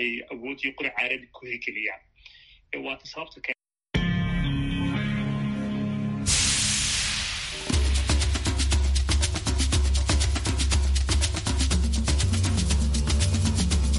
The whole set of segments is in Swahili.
ay awood iyo qura caaradi ku hergeliyaan waata sababta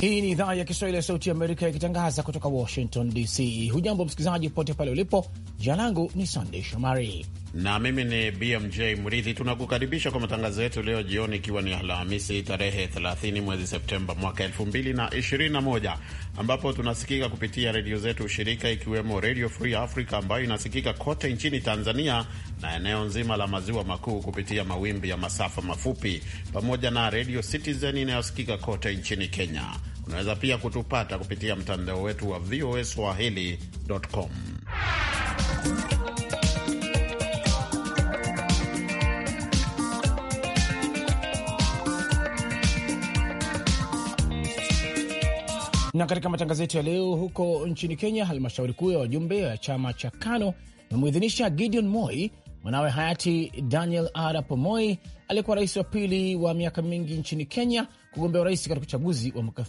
Hii ni idhaa ya Kiswahili ya Sauti ya Amerika ikitangaza kutoka Washington DC. Hujambo msikilizaji, popote pale ulipo. Jina langu ni Sandey Shomari na mimi ni BMJ Mridhi. Tunakukaribisha kwa matangazo yetu leo jioni, ikiwa ni Alhamisi tarehe 30 mwezi Septemba mwaka 2021 ambapo tunasikika kupitia redio zetu shirika, ikiwemo Redio Free Africa ambayo inasikika kote nchini Tanzania na eneo nzima la maziwa makuu kupitia mawimbi ya masafa mafupi, pamoja na Redio Citizen inayosikika kote nchini Kenya. Unaweza pia kutupata kupitia mtandao wetu wa VOA Swahili.com. Na katika matangazo yetu ya leo, huko nchini Kenya, halmashauri kuu ya wajumbe wa chama cha KANU imemwidhinisha Gideon Moi, mwanawe hayati Daniel Arap Moi, aliyekuwa rais wa pili wa miaka mingi nchini Kenya kugombea urais katika uchaguzi wa mwaka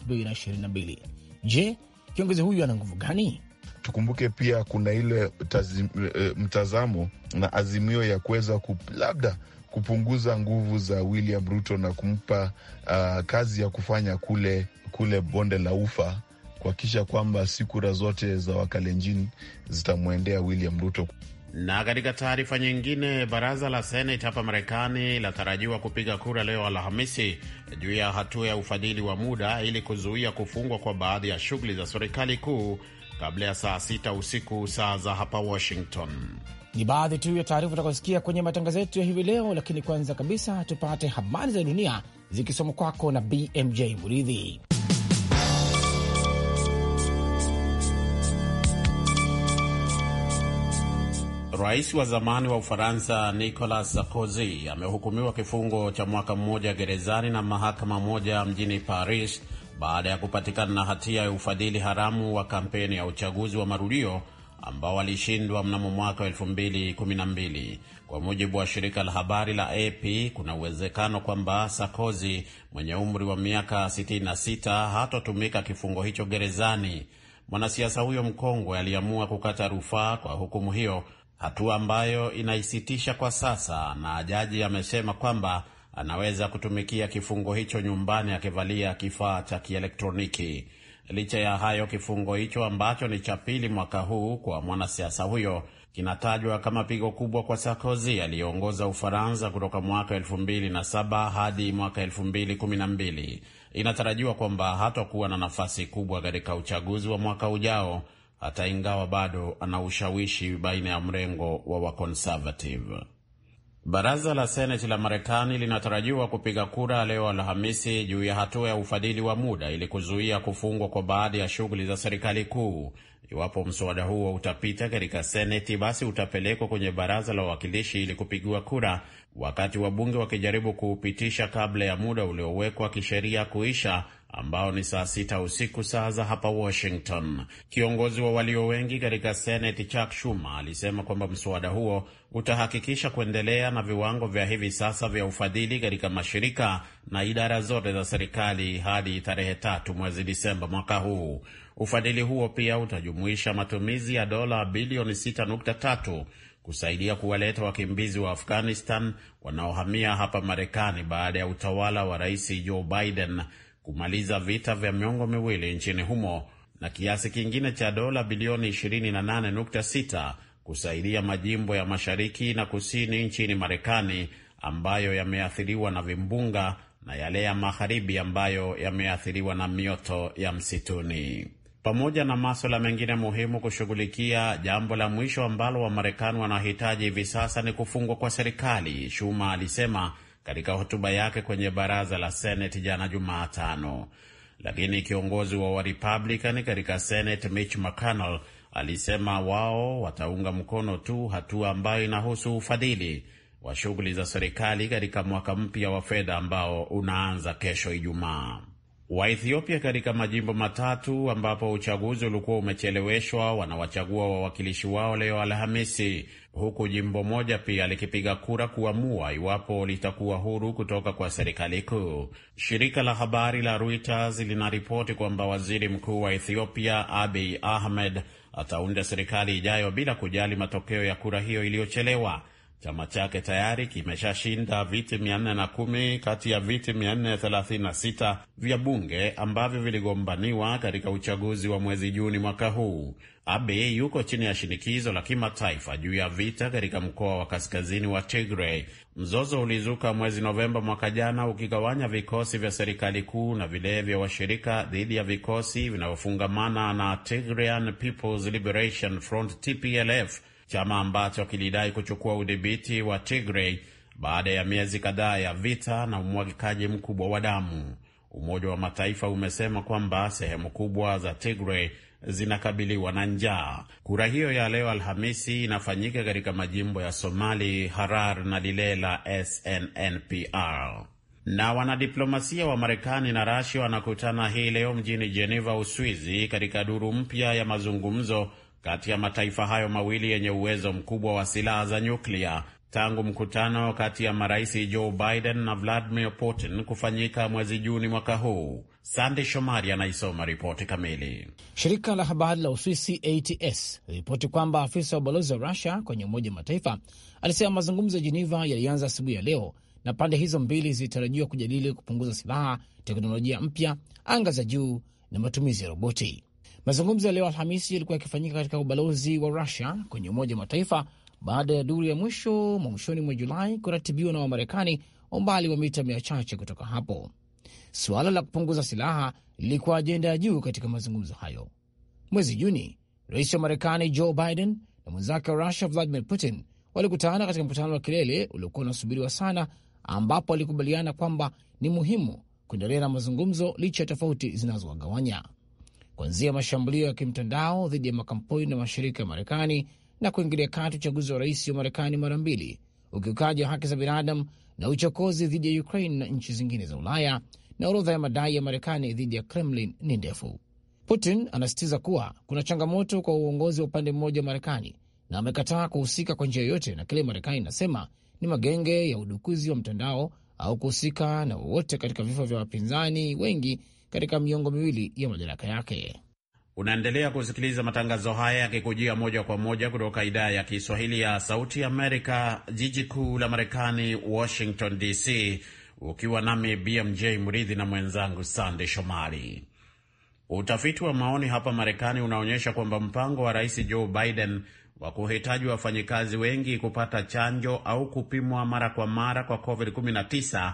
na mbili. Je, kiongozi huyu ana nguvu gani? Tukumbuke pia kuna ile tazim, eh, eh, mtazamo na azimio ya kuweza labda kupunguza nguvu za William Ruto na kumpa uh, kazi ya kufanya kule kule bonde la Ufa, kuhakikisha kwamba si kura zote za wakalenjini zitamwendea William Ruto. Na katika taarifa nyingine, baraza la Senate hapa Marekani linatarajiwa kupiga kura leo Alhamisi juu ya hatua ya ufadhili wa muda ili kuzuia kufungwa kwa baadhi ya shughuli za serikali kuu kabla ya saa sita usiku saa za hapa Washington. Ni baadhi tu ya taarifa utakaosikia kwenye matangazo yetu ya hivi leo, lakini kwanza kabisa tupate habari za dunia zikisoma kwako na BMJ Muridhi. Rais wa zamani wa Ufaransa Nicolas Sarkozy amehukumiwa kifungo cha mwaka mmoja gerezani na mahakama moja mjini Paris baada ya kupatikana na hatia ya ufadhili haramu wa kampeni ya uchaguzi wa marudio ambao walishindwa mnamo mwaka 2012. Kwa mujibu wa shirika la habari la AP, kuna uwezekano kwamba Sarkozy mwenye umri wa miaka 66 hatotumika kifungo hicho gerezani. Mwanasiasa huyo mkongwe aliamua kukata rufaa kwa hukumu hiyo hatua ambayo inaisitisha kwa sasa, na jaji amesema kwamba anaweza kutumikia kifungo hicho nyumbani akivalia kifaa cha kielektroniki. Licha ya hayo, kifungo hicho ambacho ni cha pili mwaka huu kwa mwanasiasa huyo kinatajwa kama pigo kubwa kwa Sarkozy aliyeongoza Ufaransa kutoka mwaka 2007 hadi mwaka 2012. Inatarajiwa kwamba hatakuwa na nafasi kubwa katika uchaguzi wa mwaka ujao hata ingawa bado ana ushawishi baina ya mrengo wa wakonservative. Baraza la Seneti la Marekani linatarajiwa kupiga kura leo Alhamisi juu ya hatua ya ufadhili wa muda ili kuzuia kufungwa kwa baadhi ya shughuli za serikali kuu. Iwapo mswada huo utapita katika Seneti, basi utapelekwa kwenye baraza la wawakilishi ili kupigiwa kura wakati wabunge wakijaribu kuupitisha kabla ya muda uliowekwa kisheria kuisha ambao ni saa sita usiku saa za hapa Washington. Kiongozi wa walio wengi katika senet Chuck Schumer alisema kwamba mswada huo utahakikisha kuendelea na viwango vya hivi sasa vya ufadhili katika mashirika na idara zote za serikali hadi tarehe tatu mwezi Disemba mwaka huu. Ufadhili huo pia utajumuisha matumizi ya dola bilioni 6.3 kusaidia kuwaleta wakimbizi wa Afghanistan wanaohamia hapa Marekani baada ya utawala wa Rais Joe Biden kumaliza vita vya miongo miwili nchini humo na kiasi kingine cha dola bilioni 28.6 kusaidia majimbo ya mashariki na kusini nchini Marekani ambayo yameathiriwa na vimbunga na yale ya magharibi ambayo yameathiriwa na mioto ya msituni pamoja na maswala mengine muhimu kushughulikia. Jambo la mwisho ambalo Wamarekani wanahitaji hivi sasa ni kufungwa kwa serikali, Shuma alisema katika hotuba yake kwenye baraza la Seneti jana Jumatano. Lakini kiongozi wa Warepublican katika Senate Mitch McConnell alisema wao wataunga mkono tu hatua ambayo inahusu ufadhili wa shughuli za serikali katika mwaka mpya wa fedha ambao unaanza kesho Ijumaa wa ethiopia katika majimbo matatu ambapo uchaguzi ulikuwa umecheleweshwa wanawachagua wawakilishi wao leo Alhamisi, huku jimbo moja pia likipiga kura kuamua iwapo litakuwa huru kutoka kwa serikali kuu. Shirika la habari la Reuters linaripoti kwamba waziri mkuu wa Ethiopia Abiy Ahmed ataunda serikali ijayo bila kujali matokeo ya kura hiyo iliyochelewa. Chama chake tayari kimeshashinda viti 410 kati ya viti 436 vya bunge ambavyo viligombaniwa katika uchaguzi wa mwezi Juni mwaka huu. Abe yuko chini ya shinikizo la kimataifa juu ya vita katika mkoa wa kaskazini wa Tigray. Mzozo ulizuka mwezi Novemba mwaka jana, ukigawanya vikosi vya serikali kuu na vile vya washirika dhidi ya vikosi vinavyofungamana na Tigrayan People's Liberation Front TPLF chama ambacho kilidai kuchukua udhibiti wa Tigray baada ya miezi kadhaa ya vita na umwagikaji mkubwa wa damu. Umoja wa Mataifa umesema kwamba sehemu kubwa za Tigray zinakabiliwa na njaa. Kura hiyo ya leo Alhamisi inafanyika katika majimbo ya Somali, Harar na lile la SNNPR. Na wanadiplomasia wa Marekani na Rasia wanakutana hii leo mjini Jeneva, Uswizi, katika duru mpya ya mazungumzo kati ya mataifa hayo mawili yenye uwezo mkubwa wa silaha za nyuklia tangu mkutano kati ya marais Joe Biden na Vladimir Putin kufanyika mwezi Juni mwaka huu. Sande Shomari anaisoma ripoti kamili. Shirika la habari la Uswisi ATS liripoti kwamba afisa wa ubalozi wa Rusia kwenye Umoja wa Mataifa alisema mazungumzo ya Jeneva yalianza asubuhi ya leo na pande hizo mbili zilitarajiwa kujadili kupunguza silaha, teknolojia mpya, anga za juu na matumizi ya roboti. Mazungumzo ya leo Alhamisi yalikuwa yakifanyika katika ubalozi wa Rusia kwenye Umoja wa Mataifa baada ya duru ya mwisho mwa mwishoni mwa Julai kuratibiwa na Wamarekani umbali wa mita mia chache kutoka hapo. Suala la kupunguza silaha lilikuwa ajenda ya juu katika mazungumzo hayo. Mwezi Juni, rais wa Marekani Joe Biden na mwenzake wa Rusia Vladimir Putin walikutana katika mkutano wa kilele uliokuwa unasubiriwa sana, ambapo walikubaliana kwamba ni muhimu kuendelea na mazungumzo licha ya tofauti zinazowagawanya kuanzia mashambulio ya kimtandao dhidi ya makampuni na mashirika ya Marekani na kuingilia kati uchaguzi wa rais wa Marekani mara mbili, ukiukaji wa haki za binadamu na uchokozi dhidi ya Ukraine na nchi zingine za Ulaya. Na orodha ya madai ya Marekani dhidi ya Kremlin ni ndefu. Putin anasisitiza kuwa kuna changamoto kwa uongozi wa upande mmoja wa Marekani na amekataa kuhusika kwa njia yoyote na kile Marekani inasema ni magenge ya udukuzi wa mtandao au kuhusika na wowote katika vifo vya wapinzani wengi katika miongo miwili ya madaraka yake. Unaendelea kusikiliza matangazo haya yakikujia moja kwa moja kutoka idhaa ya Kiswahili ya Sauti Amerika, jiji kuu la Marekani, Washington DC, ukiwa nami BMJ Mridhi na mwenzangu Sande Shomari. Utafiti wa maoni hapa Marekani unaonyesha kwamba mpango wa Rais Joe Biden wa kuhitaji wafanyikazi wengi kupata chanjo au kupimwa mara kwa mara kwa COVID-19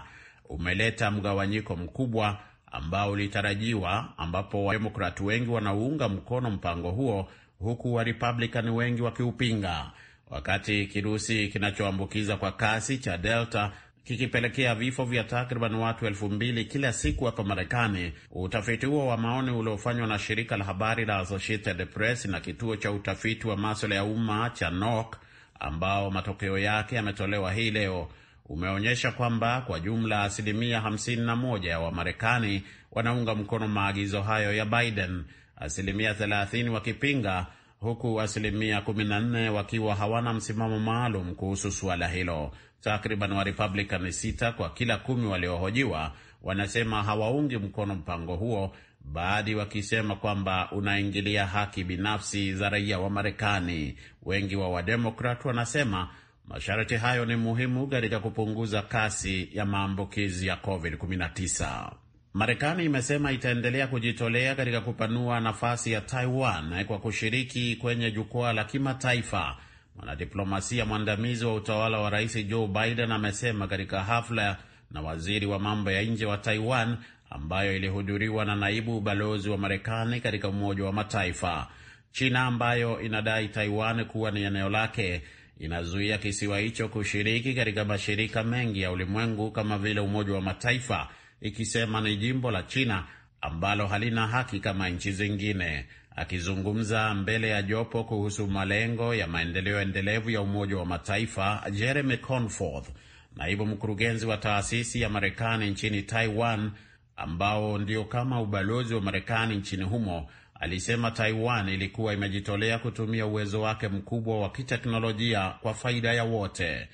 umeleta mgawanyiko mkubwa ambao ulitarajiwa, ambapo wademokrati wengi wanaunga mkono mpango huo huku warepublikani wengi wakiupinga, wakati kirusi kinachoambukiza kwa kasi cha Delta kikipelekea vifo vya takriban watu elfu mbili kila siku hapa Marekani. Utafiti huo wa maoni uliofanywa na shirika la habari la Associated Press na kituo cha utafiti wa maswala ya umma cha NORC, ambao matokeo yake yametolewa hii leo, umeonyesha kwamba kwa jumla asilimia 51 ya Wamarekani wanaunga mkono maagizo hayo ya Biden, asilimia 30 wakipinga, huku asilimia 14 wakiwa hawana msimamo maalum kuhusu suala hilo. Takriban Warepublican sita kwa kila kumi waliohojiwa wanasema hawaungi mkono mpango huo, baadhi wakisema kwamba unaingilia haki binafsi za raia wa Marekani. Wengi wa Wademokrat wanasema Masharti hayo ni muhimu katika kupunguza kasi ya maambukizi ya COVID-19. Marekani imesema itaendelea kujitolea katika kupanua nafasi ya Taiwan kwa kushiriki kwenye jukwaa la kimataifa. Mwanadiplomasia mwandamizi wa utawala wa Rais Joe Biden amesema katika hafla na waziri wa mambo ya nje wa Taiwan ambayo ilihudhuriwa na naibu balozi wa Marekani katika Umoja wa Mataifa. China ambayo inadai Taiwan kuwa ni eneo lake inazuia kisiwa hicho kushiriki katika mashirika mengi ya ulimwengu kama vile Umoja wa Mataifa, ikisema ni jimbo la China ambalo halina haki kama nchi zingine. Akizungumza mbele ya jopo kuhusu malengo ya maendeleo endelevu ya Umoja wa Mataifa, Jeremy Conforth, naibu mkurugenzi wa taasisi ya Marekani nchini Taiwan, ambao ndio kama ubalozi wa Marekani nchini humo alisema Taiwan ilikuwa imejitolea kutumia uwezo wake mkubwa wa kiteknolojia kwa faida ya wote.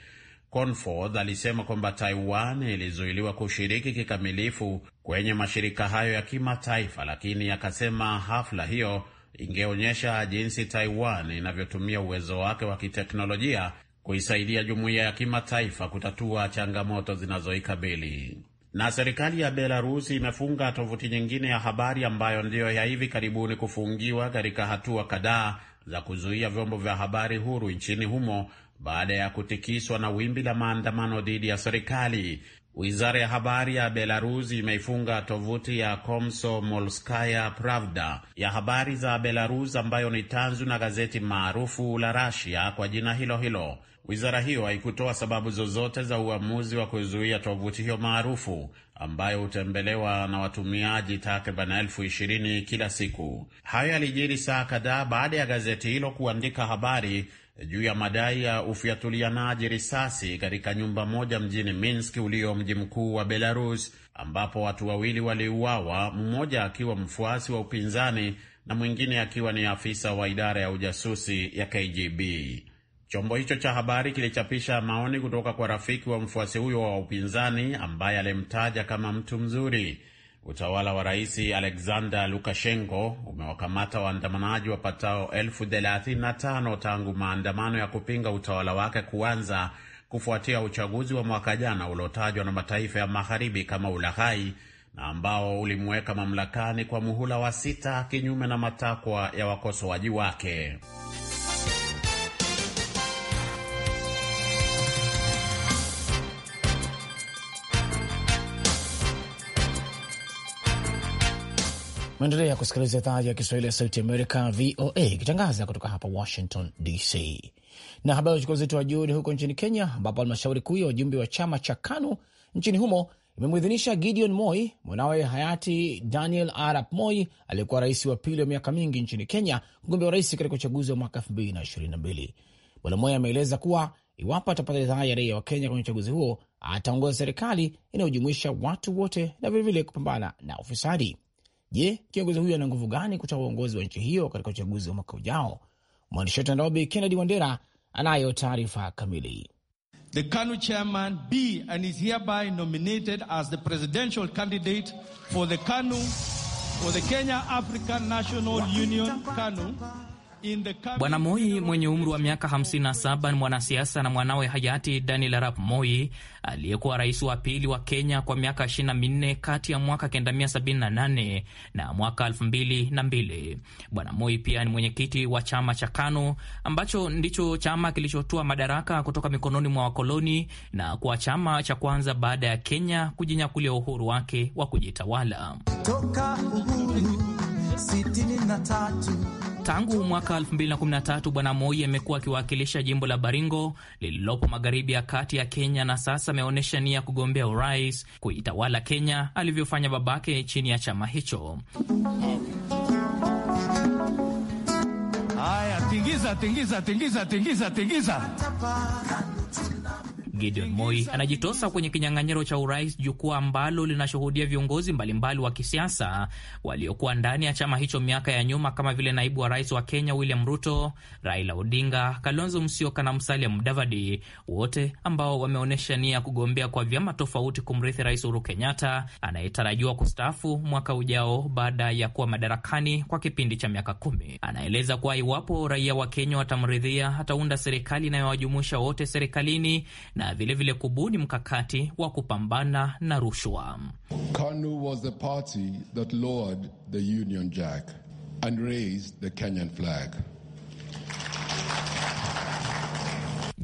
Conforth alisema kwamba Taiwan ilizuiliwa kushiriki kikamilifu kwenye mashirika hayo ya kimataifa, lakini akasema hafla hiyo ingeonyesha jinsi Taiwan inavyotumia uwezo wake wa kiteknolojia kuisaidia jumuiya ya kimataifa kutatua changamoto zinazoikabili. Na serikali ya Belarus imefunga tovuti nyingine ya habari ambayo ndiyo ya hivi karibuni kufungiwa katika hatua kadhaa za kuzuia vyombo vya habari huru nchini humo baada ya kutikiswa na wimbi la maandamano dhidi ya serikali. Wizara ya habari ya Belarus imeifunga tovuti ya Komsomolskaya Pravda ya habari za Belarus ambayo ni tanzu na gazeti maarufu la Rasia kwa jina hilo hilo. Wizara hiyo haikutoa sababu zozote za uamuzi wa kuzuia tovuti hiyo maarufu ambayo hutembelewa na watumiaji takriban elfu ishirini kila siku. Hayo yalijiri saa kadhaa baada ya gazeti hilo kuandika habari juu ya madai ya ufyatulianaji risasi katika nyumba moja mjini Minsk ulio mji mkuu wa Belarus, ambapo watu wawili waliuawa, mmoja akiwa mfuasi wa upinzani na mwingine akiwa ni afisa wa idara ya ujasusi ya KGB. Chombo hicho cha habari kilichapisha maoni kutoka kwa rafiki wa mfuasi huyo wa upinzani ambaye alimtaja kama mtu mzuri. Utawala wa Rais Alexander Lukashenko umewakamata waandamanaji wapatao elfu thelathini na tano tangu maandamano ya kupinga utawala wake kuanza kufuatia uchaguzi wa mwaka jana uliotajwa na mataifa ya magharibi kama ulaghai na ambao ulimweka mamlakani kwa muhula wa sita kinyume na matakwa ya wakosoaji wake. Maendelea kusikiliza idhaa ya Kiswahili ya Sauti Amerika, VOA, ikitangaza kutoka hapa Washington DC. Na habari uchukua uzito wa juu ni huko nchini Kenya, ambapo halmashauri kuu ya wajumbe wa chama cha KANU nchini humo imemwidhinisha Gideon Moi, mwanawe hayati Daniel Arap Moi, aliyekuwa rais wa pili wa miaka mingi nchini Kenya, wa rais katika uchaguzi wa mwaka 2022. Bwana Moi ameeleza kuwa iwapo atapata idhaa ya raia wa Kenya kwenye uchaguzi huo, ataongoza serikali inayojumuisha watu wote na vilevile kupambana na ufisadi. Je, kiongozi huyo ana nguvu gani kutoa uongozi wa nchi hiyo katika uchaguzi wa mwaka ujao? Mwandishi wetu Nairobi, Kennedy Wandera anayo taarifa kamili. The KANU chairman and is hereby nominated as the presidential candidate for the KANU for the Kenya African National Union KANU Bwana Moi mwenye umri wa miaka 57 ni mwanasiasa na mwanawe hayati Daniel Arap Moi aliyekuwa rais wa pili wa Kenya kwa miaka 24 kati ya mwaka 1978 na mwaka 2002. Bwana Moi pia ni mwenyekiti wa chama cha KANU ambacho ndicho chama kilichotoa madaraka kutoka mikononi mwa wakoloni na kuwa chama cha kwanza baada ya Kenya kujinyakulia uhuru wake wa kujitawala toka uhuru 63 Tangu mwaka 2013 Bwana Moi amekuwa akiwakilisha jimbo la Baringo lililopo magharibi ya kati ya Kenya, na sasa ameonyesha nia ya kugombea urais kuitawala Kenya alivyofanya babake chini ya chama hicho. Haya, tingiza tingiza tingiza tingiza tingiza. Gideon Moi anajitosa kwenye kinyang'anyiro cha urais, jukwaa ambalo linashuhudia viongozi mbalimbali wa kisiasa waliokuwa ndani ya chama hicho miaka ya nyuma kama vile naibu wa rais wa Kenya William Ruto, Raila Odinga, Kalonzo Musyoka na Musalia Mudavadi, wote ambao wameonyesha nia ya kugombea kwa vyama tofauti kumrithi Rais Uhuru Kenyatta anayetarajiwa kustaafu mwaka ujao baada ya kuwa madarakani kwa kipindi cha miaka kumi. Anaeleza kuwa iwapo raia wa Kenya watamridhia, ataunda serikali inayowajumuisha wote serikalini na na vilevile vile kubuni mkakati wa kupambana na rushwa. KANU was the party that lowered the Union Jack and raised the Kenyan flag.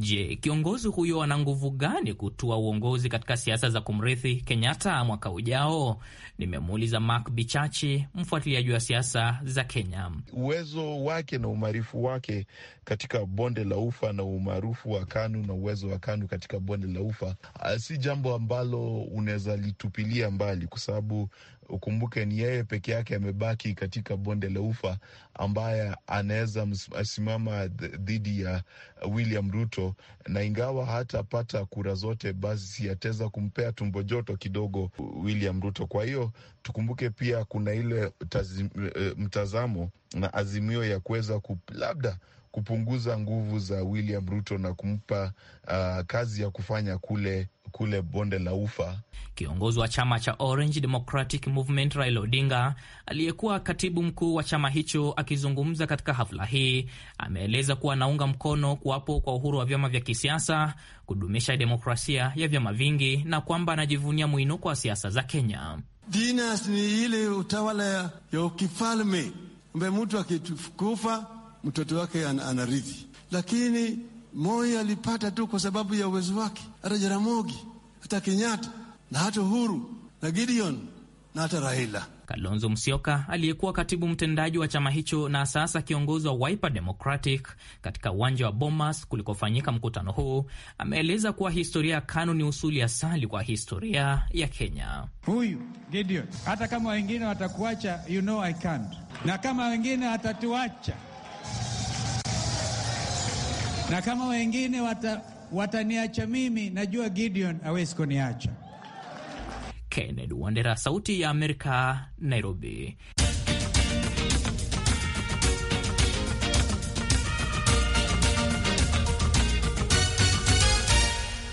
Je, kiongozi huyo ana nguvu gani kutua uongozi katika siasa za kumrithi Kenyatta mwaka ujao? Nimemuuliza Mark Bichachi, mfuatiliaji wa siasa za Kenya. Uwezo wake na umaarufu wake katika bonde la ufa na umaarufu wa KANU na uwezo wa KANU katika bonde la ufa si jambo ambalo unaweza litupilia mbali, kwa sababu Ukumbuke ni yeye peke yake amebaki katika bonde la ufa ambaye anaweza simama dhidi ya William Ruto, na ingawa hatapata kura zote, basi ataweza kumpea tumbo joto kidogo William Ruto. Kwa hiyo tukumbuke pia kuna ile tazim, e, mtazamo na azimio ya kuweza labda kupunguza nguvu za William Ruto na kumpa uh, kazi ya kufanya kule kule bonde la Ufa. Kiongozi wa chama cha Orange Democratic Movement Raila Odinga, aliyekuwa katibu mkuu wa chama hicho, akizungumza katika hafla hii, ameeleza kuwa anaunga mkono kuwapo kwa uhuru wa vyama vya kisiasa, kudumisha demokrasia ya vyama vingi, na kwamba anajivunia mwinuko wa siasa za Kenya. Dinas ni ile utawala ya ukifalme ambaye mtu akikufa mtoto wake anarithi, lakini Moi alipata tu kwa sababu ya uwezo wake, hata Jaramogi, hata Kenyatta na hata Uhuru na Gideon na hata Raila. Kalonzo Musyoka aliyekuwa katibu mtendaji wa chama hicho na sasa kiongozi wa Wiper Democratic katika uwanja wa Bomas kulikofanyika mkutano huu ameeleza kuwa historia ya KANU ni usuli asali kwa historia ya Kenya. Huyu Gideon, hata kama wengine watakuacha, you know I can't, na kama wengine watatuacha na kama wengine wata, wataniacha mimi, najua Gideon hawezi kuniacha. Kennedy Wandera, Sauti ya Amerika, Nairobi.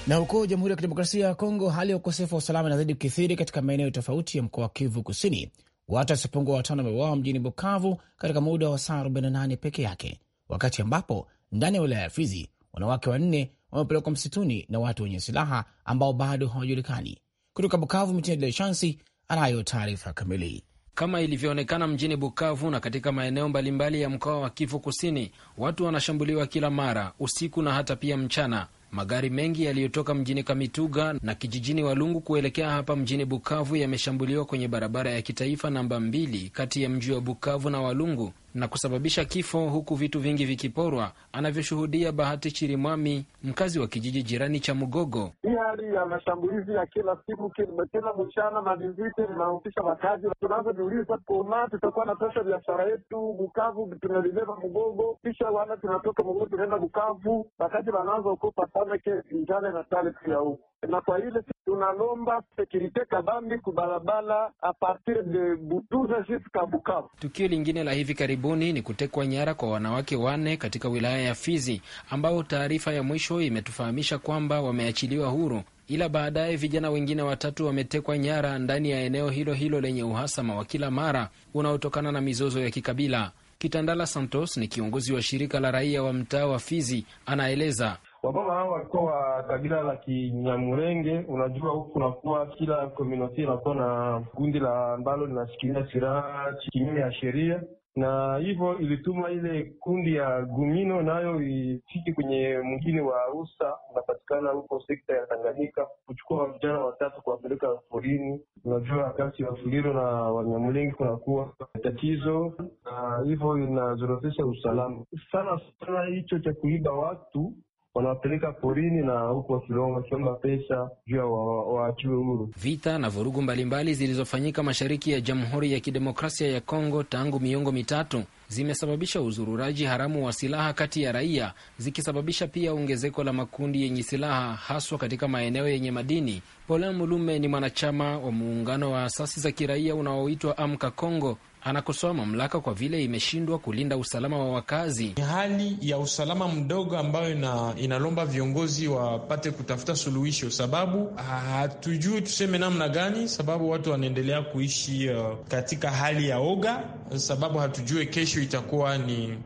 Na huko Jamhuri ya Kidemokrasia ya Kongo, hali ya ukosefu wa usalama inazidi kukithiri katika maeneo tofauti ya mkoa wa Kivu Kusini. Watu wasiopungua watano wameuawa mjini Bukavu katika muda wa saa 48 peke yake, wakati ambapo ndani ya wilaya ya Fizi, wanawake wanne wamepelekwa msituni na watu wenye silaha ambao bado hawajulikani. Kutoka Bukavu, Mitina Shansi anayo taarifa kamili. Kama ilivyoonekana mjini Bukavu na katika maeneo mbalimbali ya mkoa wa Kivu Kusini, watu wanashambuliwa kila mara, usiku na hata pia mchana. Magari mengi yaliyotoka mjini Kamituga na kijijini Walungu kuelekea hapa mjini Bukavu yameshambuliwa kwenye barabara ya kitaifa namba mbili kati ya mji wa Bukavu na Walungu na kusababisha kifo huku vitu vingi vikiporwa, anavyoshuhudia Bahati Chirimwami, mkazi wa kijiji jirani cha Mugogo. Hii hali ya mashambulizi ya kila siku, kila mchana na viziti vinahusisha makazi, tunavyojiuliza kuna tutakuwa na pesa biashara yetu Bukavu tunalibeba Mugogo, kisha wana tunatoka Mugogo tunaenda Bukavu, wakati wanaanza ukopa sana ke njane na tale pia huku na kwa ile tunalomba sekurite kabambi kubarabara a partir de Butuza jusqu'à Bukavu. Tukio lingine la hivi karibuni ni kutekwa nyara kwa wanawake wanne katika wilaya ya Fizi, ambao taarifa ya mwisho imetufahamisha kwamba wameachiliwa huru, ila baadaye vijana wengine watatu wametekwa nyara ndani ya eneo hilo hilo lenye uhasama wa kila mara unaotokana na mizozo ya kikabila. Kitandala Santos ni kiongozi wa shirika la raia wa mtaa wa Fizi, anaeleza wamama hao walikuwa wa kabila la Kinyamurenge. Unajua, huku kunakuwa kila komunote inakuwa na kundi la ambalo linashikilia silaha kinyume ya sheria, na hivyo ilituma ile kundi ya Gumino nayo ifike kwenye mgini wa Usa unapatikana huko sekta ya Tanganyika, kuchukua vijana watatu kuwapeleka porini. Unajua, kati ya Fuliro na Wanyamulengi kunakuwa tatizo, na hivyo inazorotesha usalama sana sana, hicho cha kuiba watu wanawapeleka porini na huko wakiomba pesa juu ya waachiwe wa huru. Vita na vurugu mbalimbali zilizofanyika mashariki ya Jamhuri ya Kidemokrasia ya Kongo tangu miongo mitatu zimesababisha uzururaji haramu wa silaha kati ya raia, zikisababisha pia ongezeko la makundi yenye silaha haswa katika maeneo yenye madini Paulin Mulume ni mwanachama wa muungano wa asasi za kiraia unaoitwa Amka Kongo. Anakosoa mamlaka kwa vile imeshindwa kulinda usalama wa wakazi. Ni hali ya usalama mdogo ambayo ina, inalomba viongozi wapate kutafuta suluhisho, sababu hatujui tuseme namna gani, sababu watu wanaendelea kuishi uh, katika hali ya oga, sababu hatujue kesho itakuwa ni,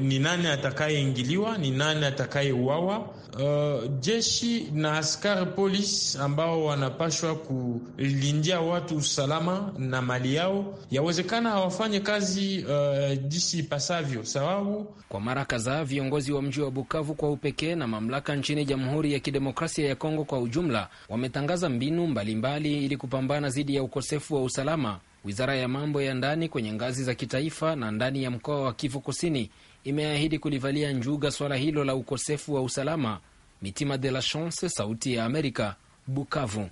ni nani atakayeingiliwa, ni nani atakayeuawa. Uh, jeshi na askari polisi ambao wanapashwa kulindia watu usalama na mali yao, yawezekana hawafanye kazi uh, jisi ipasavyo, sababu kwa mara kadhaa viongozi wa mji wa Bukavu kwa upekee na mamlaka nchini Jamhuri ya Kidemokrasia ya Kongo kwa ujumla wametangaza mbinu mbalimbali mbali ili kupambana dhidi ya ukosefu wa usalama. Wizara ya mambo ya ndani kwenye ngazi za kitaifa na ndani ya mkoa wa Kivu Kusini imeahidi kulivalia njuga swala hilo la ukosefu wa usalama. Mitima de la Chance, Sauti ya Amerika, Bukavu.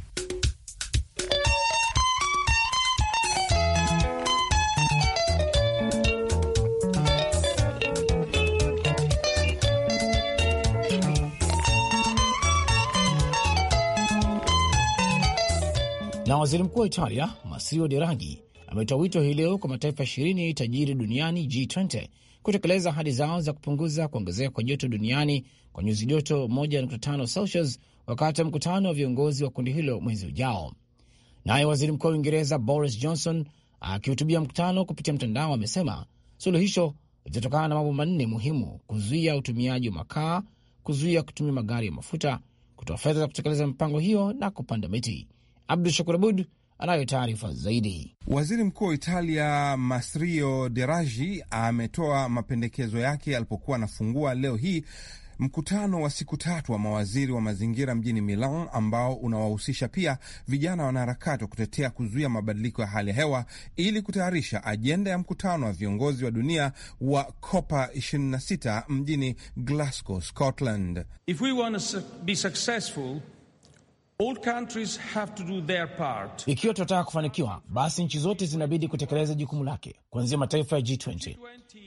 Na waziri mkuu wa Italia Mario Draghi ametoa wito hii leo kwa mataifa ishirini tajiri duniani G20 kutekeleza ahadi zao za kupunguza kuongezeka kwa joto duniani kwa nyuzi joto 1.5 Celsius wakati wa mkutano wa viongozi wa kundi hilo mwezi ujao. Naye waziri mkuu wa Uingereza Boris Johnson akihutubia mkutano kupitia mtandao amesema suluhisho litatokana na mambo manne muhimu: kuzuia utumiaji wa makaa, kuzuia kutumia magari ya mafuta, kutoa fedha za kutekeleza mipango hiyo na kupanda miti. Abdu Shakur Abud anayo taarifa zaidi. Waziri mkuu wa Italia Mario Draghi ametoa mapendekezo yake alipokuwa anafungua leo hii Mkutano wa siku tatu wa mawaziri wa mazingira mjini Milan, ambao unawahusisha pia vijana wanaharakati wa kutetea kuzuia mabadiliko ya hali ya hewa ili kutayarisha ajenda ya mkutano wa viongozi wa dunia wa Kopa 26 mjini Glasgow, Scotland. If we want to be successful... All countries have to do their part. Ikiwa tunataka kufanikiwa, basi nchi zote zinabidi kutekeleza jukumu lake, kuanzia mataifa ya G20.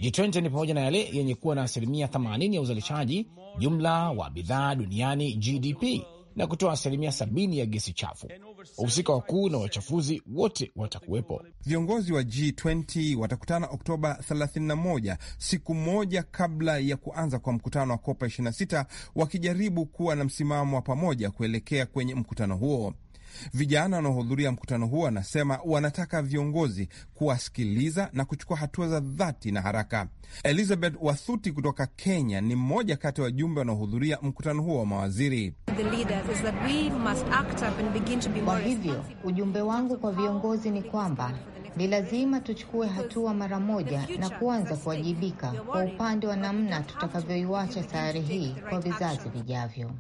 G20 ni pamoja na yale yenye kuwa na asilimia 80 ya uzalishaji jumla wa bidhaa duniani GDP na kutoa asilimia 70 ya gesi chafu. Wahusika wakuu na wachafuzi wote watakuwepo. Viongozi wa G20 watakutana Oktoba 31, siku moja kabla ya kuanza kwa mkutano wa Kopa 26, wakijaribu kuwa na msimamo wa pamoja kuelekea kwenye mkutano huo. Vijana wanaohudhuria mkutano huo wanasema wanataka viongozi kuwasikiliza na kuchukua hatua za dhati na haraka. Elizabeth Wathuti kutoka Kenya ni mmoja kati ya wajumbe wanaohudhuria mkutano huo wa mawaziri. Kwa hivyo ujumbe wangu kwa viongozi ni kwamba ni lazima tuchukue hatua mara moja na kuanza kuwajibika kwa upande wa namna tutakavyoiwacha sayari hii kwa vizazi vijavyo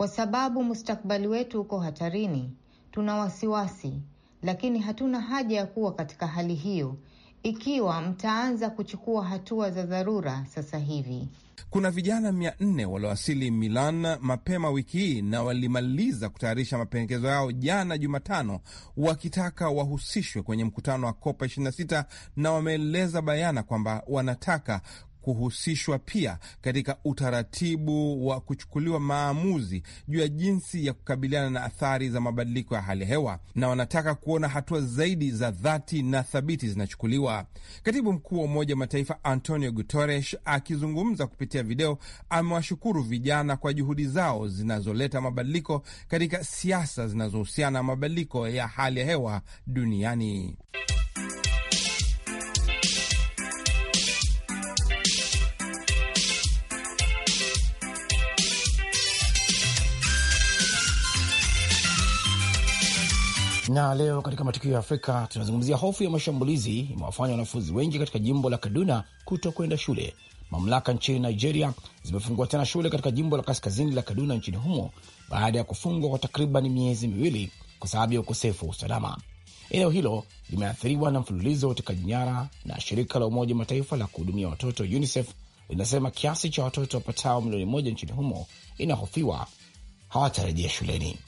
kwa sababu mustakbali wetu uko hatarini. Tuna wasiwasi, lakini hatuna haja ya kuwa katika hali hiyo ikiwa mtaanza kuchukua hatua za dharura sasa hivi. Kuna vijana mia nne waliowasili Milan mapema wiki hii na walimaliza kutayarisha mapendekezo yao jana Jumatano, wakitaka wahusishwe kwenye mkutano wa Kopa 26 na wameeleza bayana kwamba wanataka kuhusishwa pia katika utaratibu wa kuchukuliwa maamuzi juu ya jinsi ya kukabiliana na athari za mabadiliko ya hali ya hewa, na wanataka kuona hatua zaidi za dhati na thabiti zinachukuliwa. Katibu mkuu wa Umoja wa Mataifa Antonio Guterres akizungumza kupitia video amewashukuru vijana kwa juhudi zao zinazoleta mabadiliko katika siasa zinazohusiana na mabadiliko ya hali ya hewa duniani. Na leo katika matukio ya Afrika tunazungumzia hofu ya mashambulizi imewafanya wanafunzi wengi katika jimbo la Kaduna kuto kwenda shule. Mamlaka nchini Nigeria zimefungua tena shule katika jimbo la kaskazini la Kaduna nchini humo baada ya kufungwa kwa takriban miezi miwili kwa sababu ya ukosefu wa usalama. Eneo hilo limeathiriwa na mfululizo wa utekaji nyara, na shirika la Umoja Mataifa la kuhudumia watoto UNICEF linasema kiasi cha watoto wapatao milioni moja nchini humo inahofiwa hawatarejea shuleni.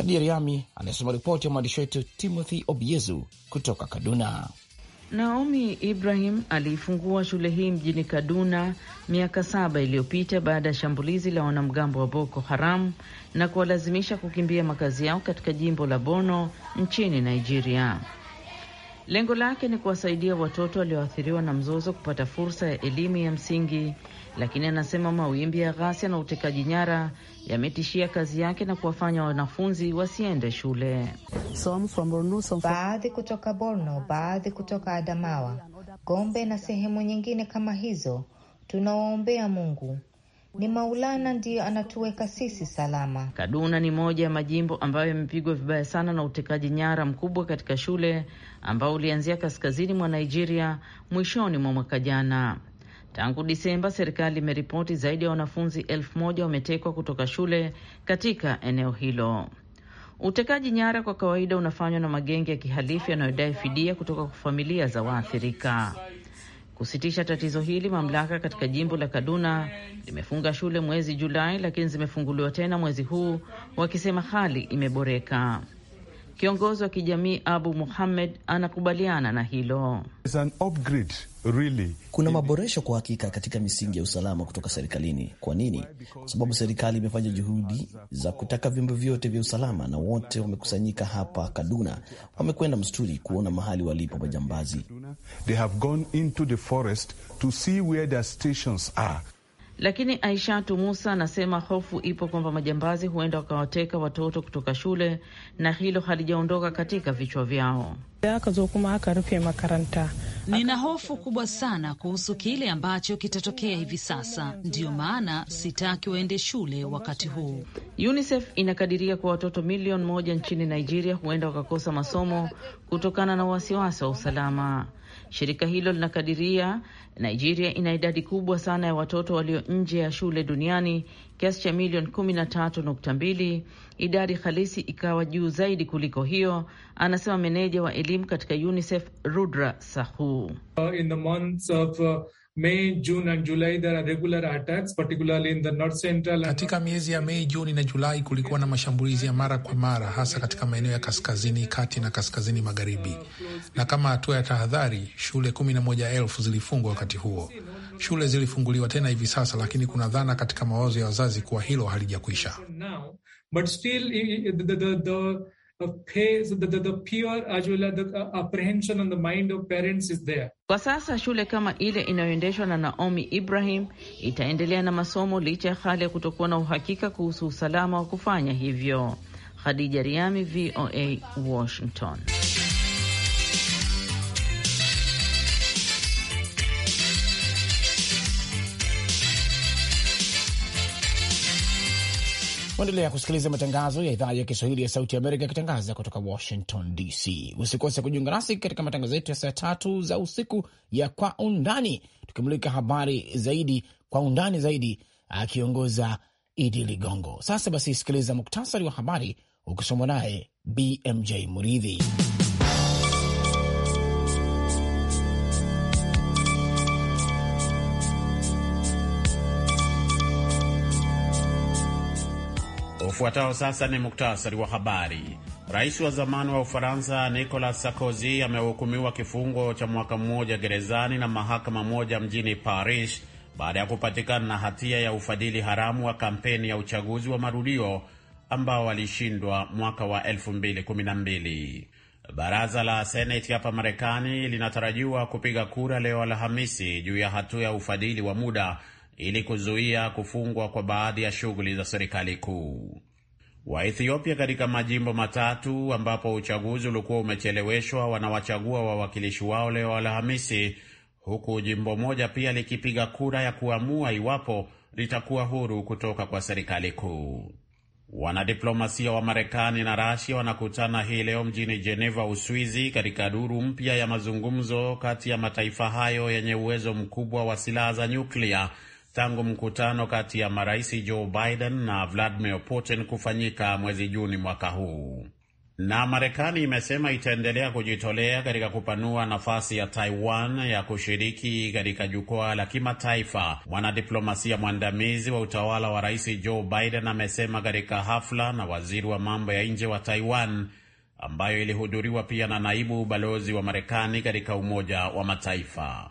Hadi Riami anayesoma ripoti ya mwandishi wetu Timothy Obiezu kutoka Kaduna. Naomi Ibrahim aliifungua shule hii mjini Kaduna miaka saba iliyopita baada ya shambulizi la wanamgambo wa Boko Haram na kuwalazimisha kukimbia makazi yao katika jimbo la bono nchini Nigeria. Lengo lake ni kuwasaidia watoto walioathiriwa na mzozo kupata fursa ya elimu ya msingi lakini anasema mawimbi ya ghasia na utekaji nyara yametishia kazi yake na kuwafanya wanafunzi wasiende shule. Baadhi kutoka Borno, baadhi kutoka Adamawa, Gombe na sehemu nyingine kama hizo. Tunawaombea Mungu. Ni Maulana ndiyo anatuweka sisi salama. Kaduna ni moja ya majimbo ambayo yamepigwa vibaya sana na utekaji nyara mkubwa katika shule ambao ulianzia kaskazini mwa Nigeria mwishoni mwa mwaka jana. Tangu Disemba, serikali imeripoti zaidi ya wanafunzi elfu moja wametekwa kutoka shule katika eneo hilo. Utekaji nyara kwa kawaida unafanywa na magenge ya kihalifu yanayodai fidia kutoka kwa familia za waathirika. Kusitisha tatizo hili, mamlaka katika jimbo la Kaduna limefunga shule mwezi Julai, lakini zimefunguliwa tena mwezi huu, wakisema hali imeboreka. Kiongozi wa kijamii Abu Muhammed anakubaliana na hilo. Really, kuna maboresho kwa hakika katika misingi ya usalama kutoka serikalini. Kwa nini? Kwa sababu serikali imefanya juhudi za kutaka vyombo vyote vya usalama, na wote wamekusanyika hapa Kaduna, wamekwenda msituni kuona mahali walipo majambazi. Lakini Aishatu Musa anasema hofu ipo kwamba majambazi huenda wakawateka watoto kutoka shule na hilo halijaondoka katika vichwa vyao. Nina hofu kubwa sana kuhusu kile ambacho kitatokea hivi sasa, ndiyo maana sitaki waende shule wakati huu. UNICEF inakadiria kuwa watoto milioni moja nchini Nigeria huenda wakakosa masomo kutokana na wasiwasi wa usalama. Shirika hilo linakadiria Nigeria ina idadi kubwa sana ya watoto walio nje ya shule duniani kiasi cha milioni 13.2, idadi halisi ikawa juu zaidi kuliko hiyo, anasema meneja wa elimu katika UNICEF Rudra Sahu. Uh, in the months of, uh... May, June and July there are regular attacks particularly in the north central. Katika miezi ya Mei, Juni na Julai kulikuwa na mashambulizi ya mara kwa mara hasa katika maeneo ya kaskazini kati na kaskazini magharibi. Na kama hatua ya tahadhari, shule kumi na moja elfu zilifungwa wakati huo. Shule zilifunguliwa tena hivi sasa, lakini kuna dhana katika mawazo ya wazazi kuwa hilo halijakwisha. Kwa sasa shule kama ile inayoendeshwa na Naomi Ibrahim itaendelea na masomo licha ya hali ya kutokuwa na uhakika kuhusu usalama wa kufanya hivyo. Khadija Riami, VOA, Washington. uendelea kusikiliza matangazo ya idhaa ya Kiswahili ya Sauti ya Amerika yakitangaza kutoka Washington DC. Usikose kujiunga nasi katika matangazo yetu ya saa tatu za usiku ya Kwa Undani, tukimulika habari zaidi kwa undani zaidi, akiongoza Idi Ligongo. Sasa basi, sikiliza muktasari wa habari ukisomwa naye BMJ Muridhi. Ufuatao sasa ni muktasari wa habari. Rais wa zamani wa Ufaransa Nicolas Sarkozy amehukumiwa kifungo cha mwaka mmoja gerezani na mahakama moja mjini Paris baada ya kupatikana na hatia ya ufadhili haramu wa kampeni ya uchaguzi wa marudio ambao walishindwa mwaka wa 2012. Baraza la Seneti hapa Marekani linatarajiwa kupiga kura leo Alhamisi juu ya hatua ya ufadhili wa muda ili kuzuia kufungwa kwa baadhi ya shughuli za serikali kuu wa Ethiopia katika majimbo matatu ambapo uchaguzi ulikuwa umecheleweshwa wanawachagua wawakilishi wao leo Alhamisi, huku jimbo moja pia likipiga kura ya kuamua iwapo litakuwa huru kutoka kwa serikali kuu. Wanadiplomasia wa Marekani na rasia wanakutana hii leo mjini Jeneva, Uswizi, katika duru mpya ya mazungumzo kati ya mataifa hayo yenye uwezo mkubwa wa silaha za nyuklia tangu mkutano kati ya marais Joe Biden na Vladimir Putin kufanyika mwezi Juni mwaka huu. Na Marekani imesema itaendelea kujitolea katika kupanua nafasi ya Taiwan ya kushiriki katika jukwaa la kimataifa. Mwanadiplomasia mwandamizi wa utawala wa Rais Joe Biden amesema katika hafla na waziri wa mambo ya nje wa Taiwan ambayo ilihudhuriwa pia na naibu balozi wa Marekani katika Umoja wa Mataifa.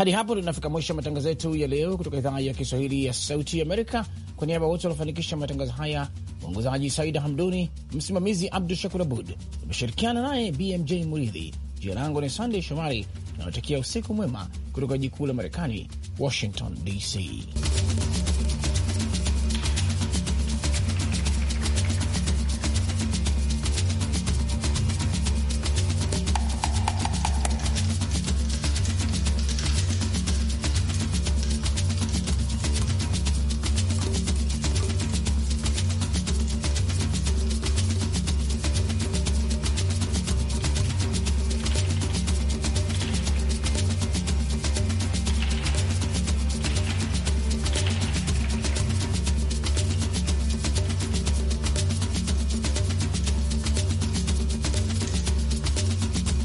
Hadi hapo tunafika mwisho matangazo yetu ya leo kutoka idhaa ya Kiswahili ya Sauti Amerika. Kwa niaba wote waliofanikisha matangazo haya, mwongozaji Saida Hamduni, msimamizi Abdu Shakur Abud, imeshirikiana naye BMJ Muridhi. Jina langu ni Sandey Shomari, nawatakia usiku mwema kutoka jikuu la Marekani, Washington DC.